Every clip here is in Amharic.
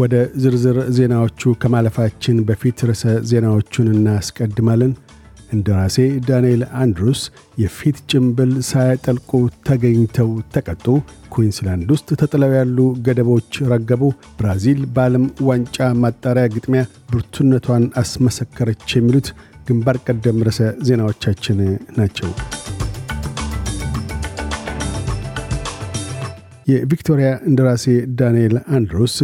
ወደ ዝርዝር ዜናዎቹ ከማለፋችን በፊት ርዕሰ ዜናዎቹን እናስቀድማለን። እንደራሴ ዳንኤል አንድሩስ የፊት ጭንብል ሳያጠልቁ ተገኝተው ተቀጡ። ኩዊንስላንድ ውስጥ ተጥለው ያሉ ገደቦች ረገቡ። ብራዚል በዓለም ዋንጫ ማጣሪያ ግጥሚያ ብርቱነቷን አስመሰከረች። የሚሉት ግንባር ቀደም ርዕሰ ዜናዎቻችን ናቸው። የቪክቶሪያ እንደራሴ ዳንኤል አንድሮስ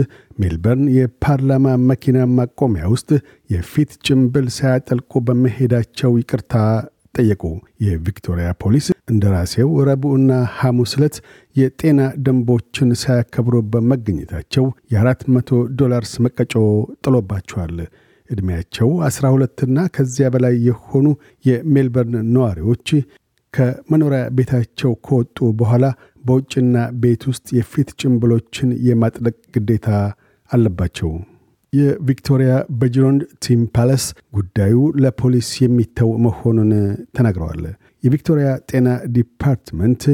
ሜልበርን የፓርላማ መኪና ማቆሚያ ውስጥ የፊት ጭንብል ሳያጠልቁ በመሄዳቸው ይቅርታ ጠየቁ። የቪክቶሪያ ፖሊስ እንደራሴው ረቡዕና ሐሙስ ዕለት የጤና ደንቦችን ሳያከብሩ በመገኘታቸው የ400 ዶላርስ መቀጮ ጥሎባቸዋል። ዕድሜያቸው 12ና ከዚያ በላይ የሆኑ የሜልበርን ነዋሪዎች ከመኖሪያ ቤታቸው ከወጡ በኋላ በውጭና ቤት ውስጥ የፊት ጭንብሎችን የማጥለቅ ግዴታ አለባቸው። የቪክቶሪያ በጅሮንድ ቲም ፓለስ ጉዳዩ ለፖሊስ የሚተው መሆኑን ተናግረዋል። የቪክቶሪያ ጤና ዲፓርትመንት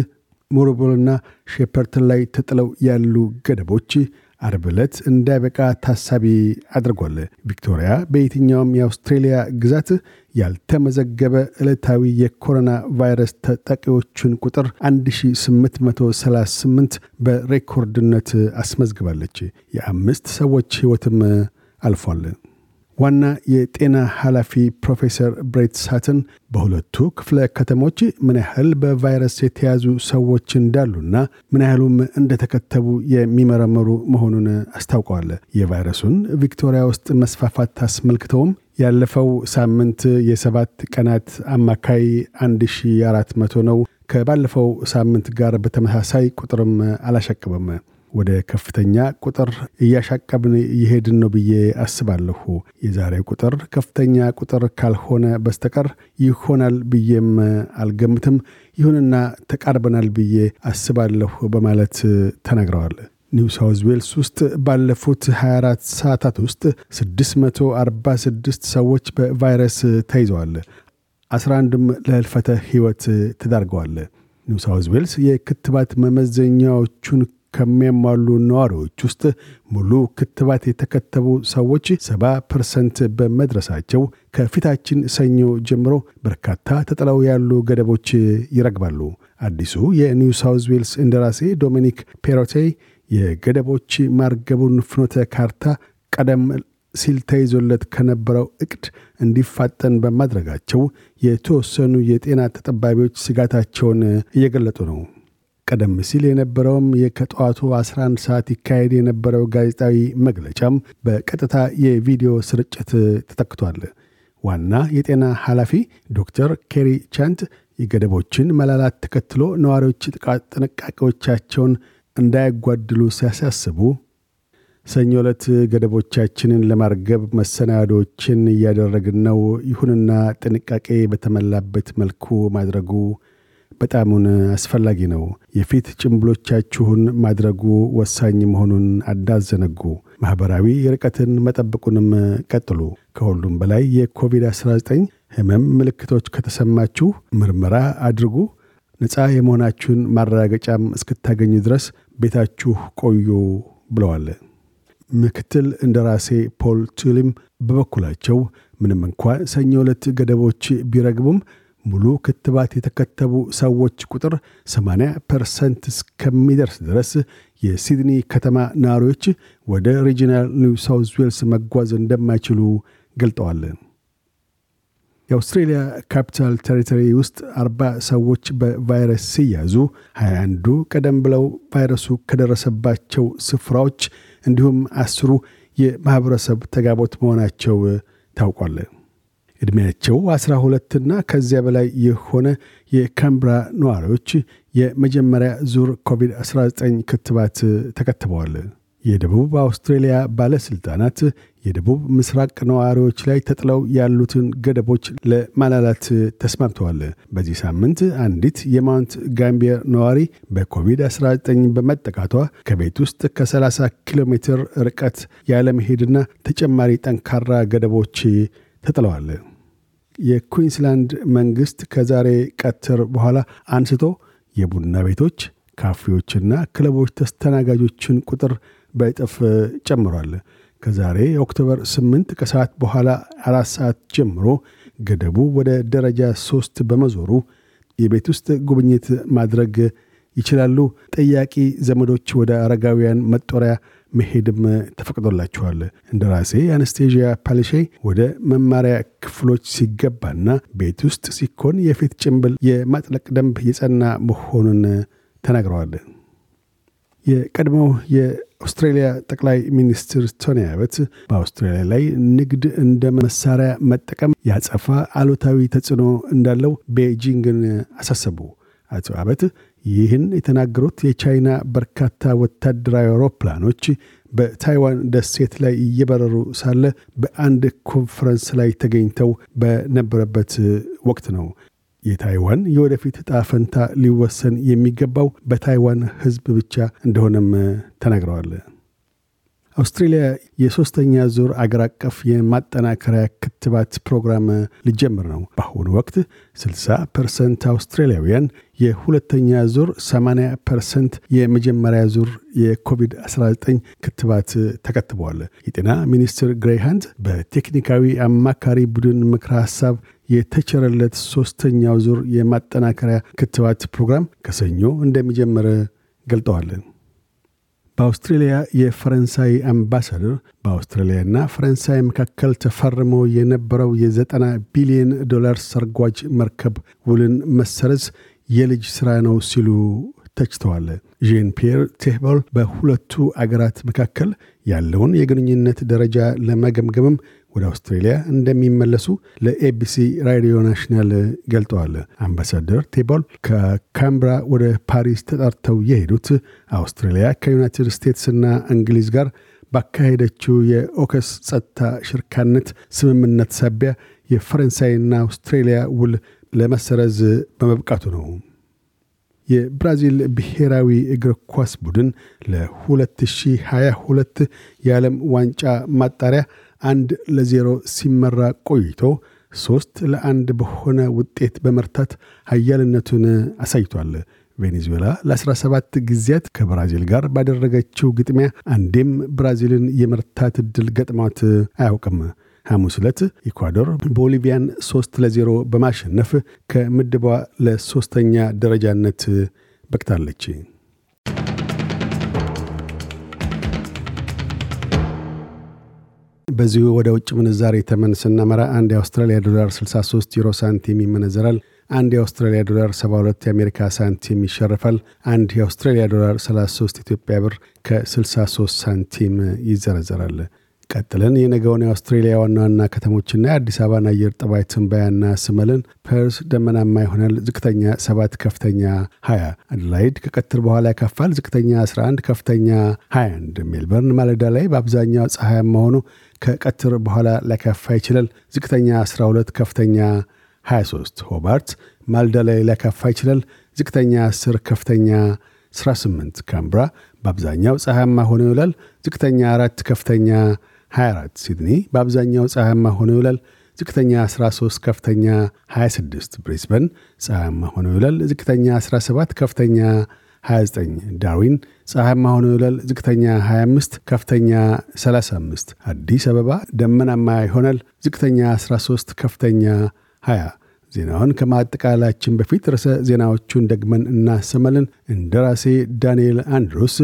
ሞሮቦልና ሼፐርትን ላይ ተጥለው ያሉ ገደቦች አርብ ዕለት እንዳይበቃ ታሳቢ አድርጓል። ቪክቶሪያ በየትኛውም የአውስትሬሊያ ግዛት ያልተመዘገበ ዕለታዊ የኮሮና ቫይረስ ተጠቂዎችን ቁጥር 1838 በሬኮርድነት አስመዝግባለች። የአምስት ሰዎች ሕይወትም አልፏል። ዋና የጤና ኃላፊ ፕሮፌሰር ብሬት ሳትን በሁለቱ ክፍለ ከተሞች ምን ያህል በቫይረስ የተያዙ ሰዎች እንዳሉና ምን ያህሉም እንደተከተቡ የሚመረመሩ መሆኑን አስታውቀዋል። የቫይረሱን ቪክቶሪያ ውስጥ መስፋፋት አስመልክተውም ያለፈው ሳምንት የሰባት ቀናት አማካይ 1400 ነው። ከባለፈው ሳምንት ጋር በተመሳሳይ ቁጥርም አላሸቅብም። ወደ ከፍተኛ ቁጥር እያሻቀብን እየሄድን ነው ብዬ አስባለሁ። የዛሬ ቁጥር ከፍተኛ ቁጥር ካልሆነ በስተቀር ይሆናል ብዬም አልገምትም። ይሁንና ተቃርበናል ብዬ አስባለሁ በማለት ተናግረዋል። ኒው ሳውዝ ዌልስ ውስጥ ባለፉት 24 ሰዓታት ውስጥ 646 ሰዎች በቫይረስ ተይዘዋል። 11ም ለህልፈተ ሕይወት ተዳርገዋል። ኒው ሳውዝ ዌልስ የክትባት መመዘኛዎቹን ከሚያሟሉ ነዋሪዎች ውስጥ ሙሉ ክትባት የተከተቡ ሰዎች 70 ፐርሰንት በመድረሳቸው ከፊታችን ሰኞ ጀምሮ በርካታ ተጥለው ያሉ ገደቦች ይረግባሉ። አዲሱ የኒው ሳውዝ ዌልስ እንደራሴ ዶሚኒክ ፔሮቴ የገደቦች ማርገቡን ፍኖተ ካርታ ቀደም ሲል ተይዞለት ከነበረው እቅድ እንዲፋጠን በማድረጋቸው የተወሰኑ የጤና ተጠባቢዎች ስጋታቸውን እየገለጡ ነው። ቀደም ሲል የነበረውም የከጠዋቱ 11 ሰዓት ይካሄድ የነበረው ጋዜጣዊ መግለጫም በቀጥታ የቪዲዮ ስርጭት ተተክቷል። ዋና የጤና ኃላፊ ዶክተር ኬሪ ቻንት የገደቦችን መላላት ተከትሎ ነዋሪዎች ጥቃት ጥንቃቄዎቻቸውን እንዳያጓድሉ ሲያሳስቡ ሰኞ ዕለት ገደቦቻችንን ለማርገብ መሰናዶዎችን እያደረግን ነው። ይሁንና ጥንቃቄ በተሞላበት መልኩ ማድረጉ በጣሙን አስፈላጊ ነው። የፊት ጭንብሎቻችሁን ማድረጉ ወሳኝ መሆኑን አዳዘነጉ። ማኅበራዊ ርቀትን መጠበቁንም ቀጥሉ። ከሁሉም በላይ የኮቪድ-19 ህመም ምልክቶች ከተሰማችሁ ምርመራ አድርጉ። ነፃ የመሆናችሁን ማረጋገጫም እስክታገኙ ድረስ ቤታችሁ ቆዩ ብለዋል። ምክትል እንደራሴ ፖል ቱሊም በበኩላቸው ምንም እንኳን ሰኞ ዕለት ገደቦች ቢረግቡም ሙሉ ክትባት የተከተቡ ሰዎች ቁጥር 80 ፐርሰንት እስከሚደርስ ድረስ የሲድኒ ከተማ ነዋሪዎች ወደ ሪጂናል ኒው ሳውት ዌልስ መጓዝ እንደማይችሉ ገልጠዋል። የአውስትሬልያ ካፒታል ቴሪቶሪ ውስጥ አርባ ሰዎች በቫይረስ ሲያዙ 21ዱ ቀደም ብለው ቫይረሱ ከደረሰባቸው ስፍራዎች እንዲሁም አስሩ የማኅበረሰብ ተጋቦት መሆናቸው ታውቋል። ዕድሜያቸው 12ና ከዚያ በላይ የሆነ የካምብራ ነዋሪዎች የመጀመሪያ ዙር ኮቪድ-19 ክትባት ተከትበዋል። የደቡብ አውስትሬልያ ባለሥልጣናት የደቡብ ምስራቅ ነዋሪዎች ላይ ተጥለው ያሉትን ገደቦች ለማላላት ተስማምተዋል። በዚህ ሳምንት አንዲት የማውንት ጋምቢየር ነዋሪ በኮቪድ-19 በመጠቃቷ ከቤት ውስጥ ከ30 ኪሎ ሜትር ርቀት ያለመሄድና ተጨማሪ ጠንካራ ገደቦች ተጥለዋል። የኩዊንስላንድ መንግሥት ከዛሬ ቀትር በኋላ አንስቶ የቡና ቤቶች ካፌዎችና ክለቦች ተስተናጋጆችን ቁጥር በእጥፍ ጨምሯል። ከዛሬ ኦክቶበር 8 ከሰዓት በኋላ አራት ሰዓት ጀምሮ ገደቡ ወደ ደረጃ ሦስት በመዞሩ የቤት ውስጥ ጉብኝት ማድረግ ይችላሉ። ጠያቂ ዘመዶች ወደ አረጋውያን መጦሪያ መሄድም ተፈቅዶላቸዋል። እንደራሴ አነስቴዥያ ፓሊሼ ወደ መማሪያ ክፍሎች ሲገባና ቤት ውስጥ ሲኮን የፊት ጭንብል የማጥለቅ ደንብ የጸና መሆኑን ተናግረዋል። የቀድሞው የአውስትራሊያ ጠቅላይ ሚኒስትር ቶኒ አበት በአውስትራሊያ ላይ ንግድ እንደ መሳሪያ መጠቀም ያጸፋ አሉታዊ ተጽዕኖ እንዳለው ቤጂንግን አሳሰቡ። አቶ አበት ይህን የተናገሩት የቻይና በርካታ ወታደራዊ አውሮፕላኖች በታይዋን ደሴት ላይ እየበረሩ ሳለ በአንድ ኮንፈረንስ ላይ ተገኝተው በነበረበት ወቅት ነው። የታይዋን የወደፊት ጣፈንታ ሊወሰን የሚገባው በታይዋን ህዝብ ብቻ እንደሆነም ተናግረዋል። አውስትሬልያ የሶስተኛ ዙር አገር አቀፍ የማጠናከሪያ ክትባት ፕሮግራም ሊጀምር ነው። በአሁኑ ወቅት 60 ፐርሰንት አውስትራሊያውያን የሁለተኛ ዙር 80 ፐርሰንት የመጀመሪያ ዙር የኮቪድ-19 ክትባት ተከትበዋል። የጤና ሚኒስትር ግሬሃንት በቴክኒካዊ አማካሪ ቡድን ምክረ ሐሳብ የተቸረለት ሶስተኛው ዙር የማጠናከሪያ ክትባት ፕሮግራም ከሰኞ እንደሚጀምር ገልጠዋለን። በአውስትሬልያ የፈረንሳይ አምባሳደር በአውስትራሊያና ፈረንሳይ መካከል ተፈርሞ የነበረው የዘጠና ቢሊዮን ዶላር ሰርጓጅ መርከብ ውልን መሰረዝ የልጅ ሥራ ነው ሲሉ ተችተዋል። ዣን ፒየር ቴህቦል በሁለቱ አገራት መካከል ያለውን የግንኙነት ደረጃ ለመገምገምም ወደ አውስትሬሊያ እንደሚመለሱ ለኤቢሲ ራዲዮ ናሽናል ገልጠዋል። አምባሳደር ቴቦል ከካምብራ ወደ ፓሪስ ተጣርተው የሄዱት አውስትሬሊያ ከዩናይትድ ስቴትስና እንግሊዝ ጋር ባካሄደችው የኦከስ ጸጥታ ሽርካነት ስምምነት ሳቢያ የፈረንሳይና አውስትሬልያ ውል ለመሰረዝ በመብቃቱ ነው። የብራዚል ብሔራዊ እግር ኳስ ቡድን ለ2022 የዓለም ዋንጫ ማጣሪያ አንድ ለዜሮ ሲመራ ቆይቶ ሶስት ለአንድ በሆነ ውጤት በመርታት ሀያልነቱን አሳይቷል። ቬኔዙዌላ ለ17 ጊዜያት ከብራዚል ጋር ባደረገችው ግጥሚያ አንዴም ብራዚልን የመርታት እድል ገጥሟት አያውቅም። ሐሙስ ዕለት ኢኳዶር ቦሊቪያን 3 ለ0 በማሸነፍ ከምድቧ ለሦስተኛ ደረጃነት በቅታለች። በዚሁ ወደ ውጭ ምንዛሬ ተመን ስናመራ አንድ የአውስትራሊያ ዶላር 63 ዩሮ ሳንቲም ይመነዘራል። አንድ የአውስትራሊያ ዶላር 72 የአሜሪካ ሳንቲም ይሸርፋል። አንድ የአውስትራሊያ ዶላር 33 ኢትዮጵያ ብር ከ63 ሳንቲም ይዘረዘራል። ቀጥለን የነገውን የአውስትሬሊያ ዋና ዋና ከተሞችና የአዲስ አበባን አየር ጠባይ ትንበያና ስመልን። ፐርስ ደመናማ ይሆናል። ዝቅተኛ 7 ከፍተኛ 20። አድላይድ ከቀትር በኋላ ያካፋል። ዝቅተኛ 11 ከፍተኛ 21። ሜልበርን ማለዳ ላይ በአብዛኛው ፀሐያማ ሆኖ ከቀትር በኋላ ሊያካፋ ይችላል። ዝቅተኛ 12 ከፍተኛ 23። ሆባርት ማለዳ ላይ ሊያካፋ ይችላል። ዝቅተኛ 10 ከፍተኛ 18። ካምብራ በአብዛኛው ፀሐያማ ሆኖ ይውላል። ዝቅተኛ 4 ከፍተኛ 24 ሲድኒ በአብዛኛው ፀሐያማ ሆኖ ይውላል። ዝቅተኛ 13 ከፍተኛ 26 ብሪስበን ፀሐያማ ሆኖ ይውላል። ዝቅተኛ 17 ከፍተኛ 29 ዳርዊን ፀሐያማ ሆኖ ይውላል። ዝቅተኛ 25 ከፍተኛ 35 አዲስ አበባ ደመናማ ይሆናል። ዝቅተኛ 13 ከፍተኛ 20 ዜናውን ከማጠቃላችን በፊት ርዕሰ ዜናዎቹን ደግመን እንደ ራሴ ዳንኤል አንድሮስ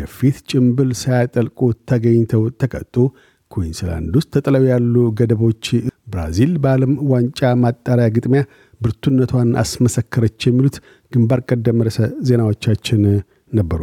የፊት ጭንብል ሳያጠልቁ ተገኝተው ተቀጡ። ኩዊንስላንድ ውስጥ ተጥለው ያሉ ገደቦች ብራዚል በዓለም ዋንጫ ማጣሪያ ግጥሚያ ብርቱነቷን አስመሰከረች የሚሉት ግንባር ቀደም ርዕሰ ዜናዎቻችን ነበሩ።